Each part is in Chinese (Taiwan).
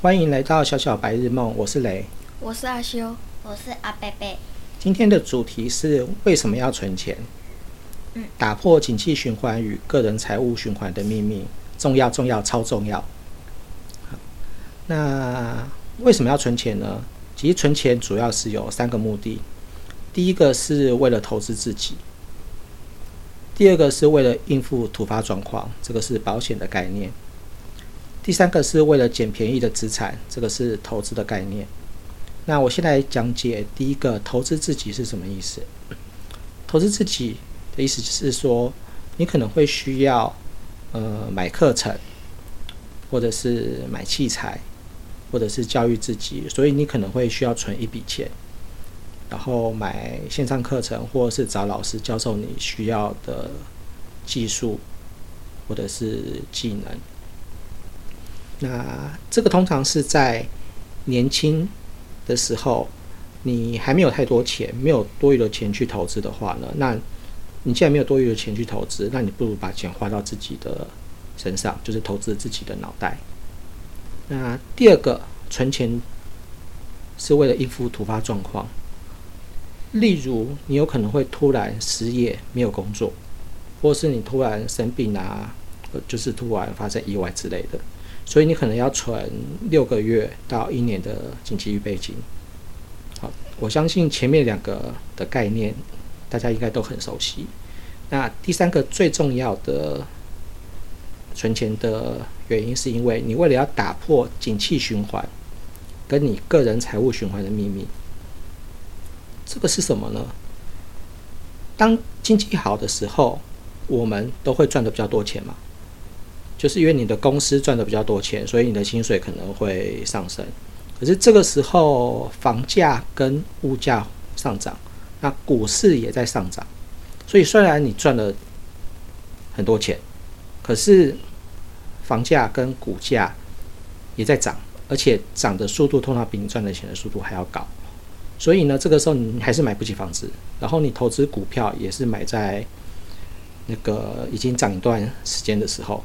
歡迎來到小小白日夢，我是雷，我是阿修，我是阿貝貝。今天的主題是為什麼要存錢？嗯，打破景氣循環與個人財務循環的秘密，重要、重要、超重要。那為什麼要存錢呢？其實存錢主要是有三個目的，第一個是為了投資自己，第二個是為了應付突發狀況，這個是保險的概念。第三個是為了撿便宜的資產，這個是投資的概念。那我先來講解第一個，投資自己是什麼意思？投資自己的意思就是說，你可能會需要，呃，買課程，或者是買器材，或者是教育自己，所以你可能會需要存一筆錢，然後買線上課程，或者是找老師教授你需要的技術，或者是技能。那這個通常是在年輕的時候，你還沒有太多錢，沒有多餘的錢去投資的話呢，那你既然沒有多餘的錢去投資，那你不如把錢花到自己的身上，就是投資自己的腦袋。那第二個，存錢是為了應付突發狀況，例如你有可能會突然失業，沒有工作，或是你突然生病啊，就是突然發生意外之類的。所以你可能要存六個月到一年的緊急預備金。好，我相信前面兩個的概念，大家應該都很熟悉。那第三個最重要的存錢的原因，是因為你為了要打破景氣循環，跟你個人財務循環的秘密，這個是什麼呢？當經濟好的時候，我們都會賺的比較多錢嘛？就是因為你的公司賺的比較多錢，所以你的薪水可能會上升。可是這個時候，房價跟物價上漲，那股市也在上漲，所以雖然你賺了很多錢，可是房價跟股價也在漲，而且漲的速度通常比你賺的錢的速度還要高。所以呢，這個時候你還是買不起房子。然後你投資股票也是買在那個已經漲一段時間的時候。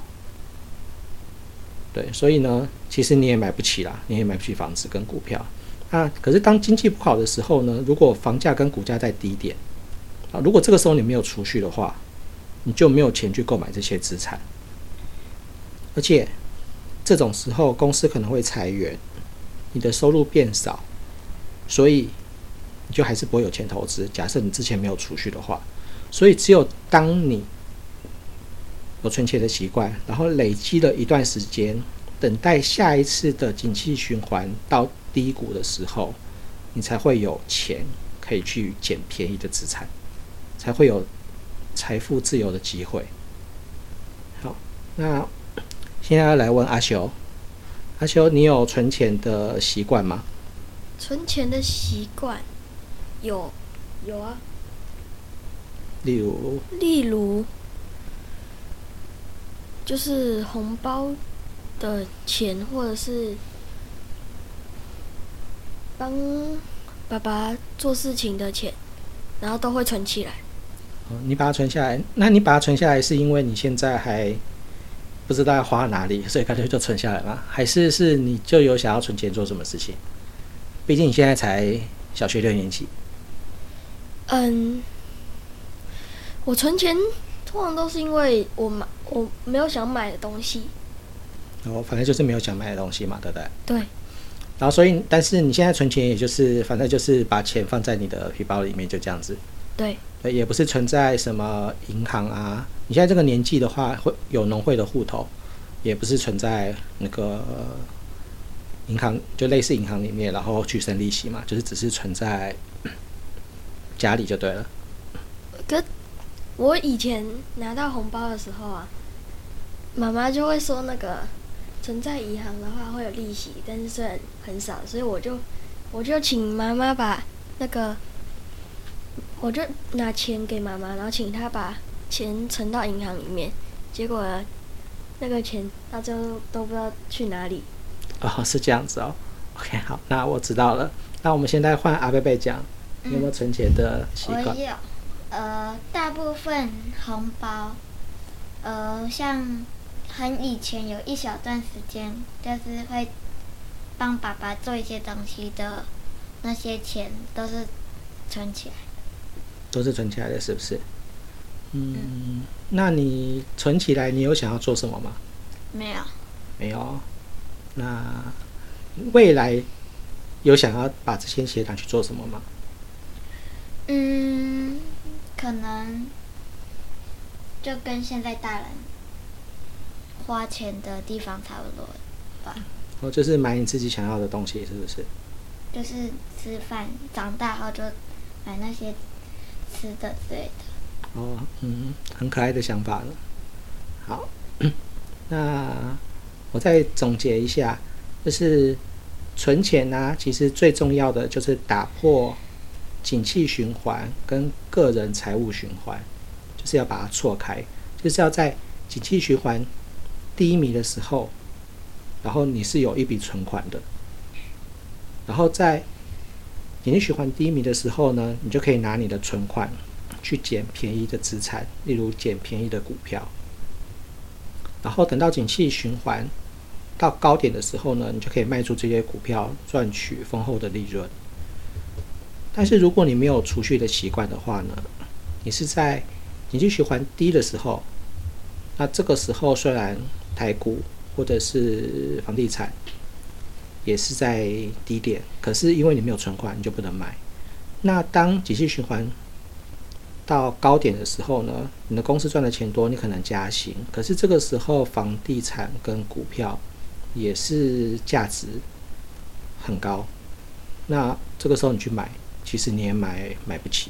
對，所以呢，其實你也買不起啦。你也買不起房子跟股票。啊，可是當經濟不好的時候呢，如果房價跟股價在低點，啊，如果這個時候你沒有儲蓄的話，你就沒有錢去購買這些資產。而且，這種時候公司可能會裁員，你的收入變少，所以你就還是不會有錢投資。假設你之前沒有儲蓄的話，所以只有當你，有存錢的習慣，然後累積了一段時間，等待下一次的景氣循環到低谷的時候，你才會有錢可以去撿便宜的資產，才會有財富自由的機會。好，那現在要來問阿修，阿修，你有存錢的習慣嗎？存錢的習慣有，有啊。例如，例如。就是紅包的錢，或者是幫爸爸做事情的錢，然後都會存起來。你把它存下來，那你把它存下來是因為你現在還不知道要花哪裡，所以乾脆就存下來嗎？還是是你就有想要存錢做什麼事情？畢竟你現在才小學六年級。嗯，我存錢。不，都是因為我買我沒有想買的東西，然後、哦、反正就是沒有想買的東西嘛，對不對？對。然後所以，但是你現在存錢，也就是反正就是把錢放在你的皮包裡面，就這樣子。對。對也不是存在什麼銀行啊。你現在這個年紀的話，會有農會的戶頭，也不是存在那個銀行，就類似銀行裡面，然後去生利息嘛，就是只是存在家裡就對了。我以前拿到紅包的時候啊，媽媽就會說那個存在銀行的話會有利息，但是雖然很少，所以我就我就請媽媽把那個，我就拿錢給媽媽，然後請她把錢存到銀行裡面。結果呢，那個錢大家都不知道去哪裡。哦，是這樣子哦。OK，好，那我知道了。那我們現在換阿貝貝講，你有沒有存錢的習慣？呃，大部分紅包，呃，像很以前有一小段時間，就是會幫爸爸做一些東西的，那些錢都是存起來的。都是存起來的，是不是？嗯，嗯。那你存起來，你有想要做什麼嗎？沒有。沒有。那未來有想要把這些錢拿去做什麼嗎？嗯。可能就跟現在大人花錢的地方差不多吧。哦，就是買你自己想要的東西，是不是？就是吃飯，長大後就買那些吃的之類的。哦，嗯，很可愛的想法了。好， 那我再總結一下，就是存錢呢，其實最重要的就是打破。景氣循環跟個人財務循環，就是要把它錯開，就是要在景氣循環低迷的時候，然後你是有一筆存款的，然後在景氣循環低迷的時候呢，你就可以拿你的存款去撿便宜的資產，例如撿便宜的股票，然後等到景氣循環到高點的時候呢，你就可以賣出這些股票，賺取豐厚的利潤。但是如果你沒有儲蓄的習慣的話呢，你是在景氣循環低的時候，那這個時候雖然台股或者是房地產也是在低點，可是因為你沒有存款，你就不能買。那當景氣循環到高點的時候呢，你的公司賺的錢多，你可能加薪，可是這個時候房地產跟股票也是價值很高，那這個時候你去買。其實你也買買不起，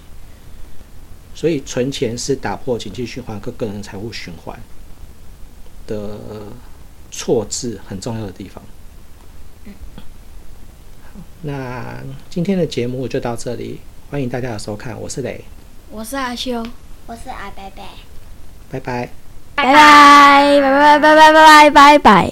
所以存錢是打破景氣循環和個人財務循環的錯置很重要的地方。嗯。好，那今天的節目就到這裡，歡迎大家的收看。我是雷，我是阿修，我是阿伯伯，拜拜，拜拜，拜拜，拜拜，拜拜，拜拜。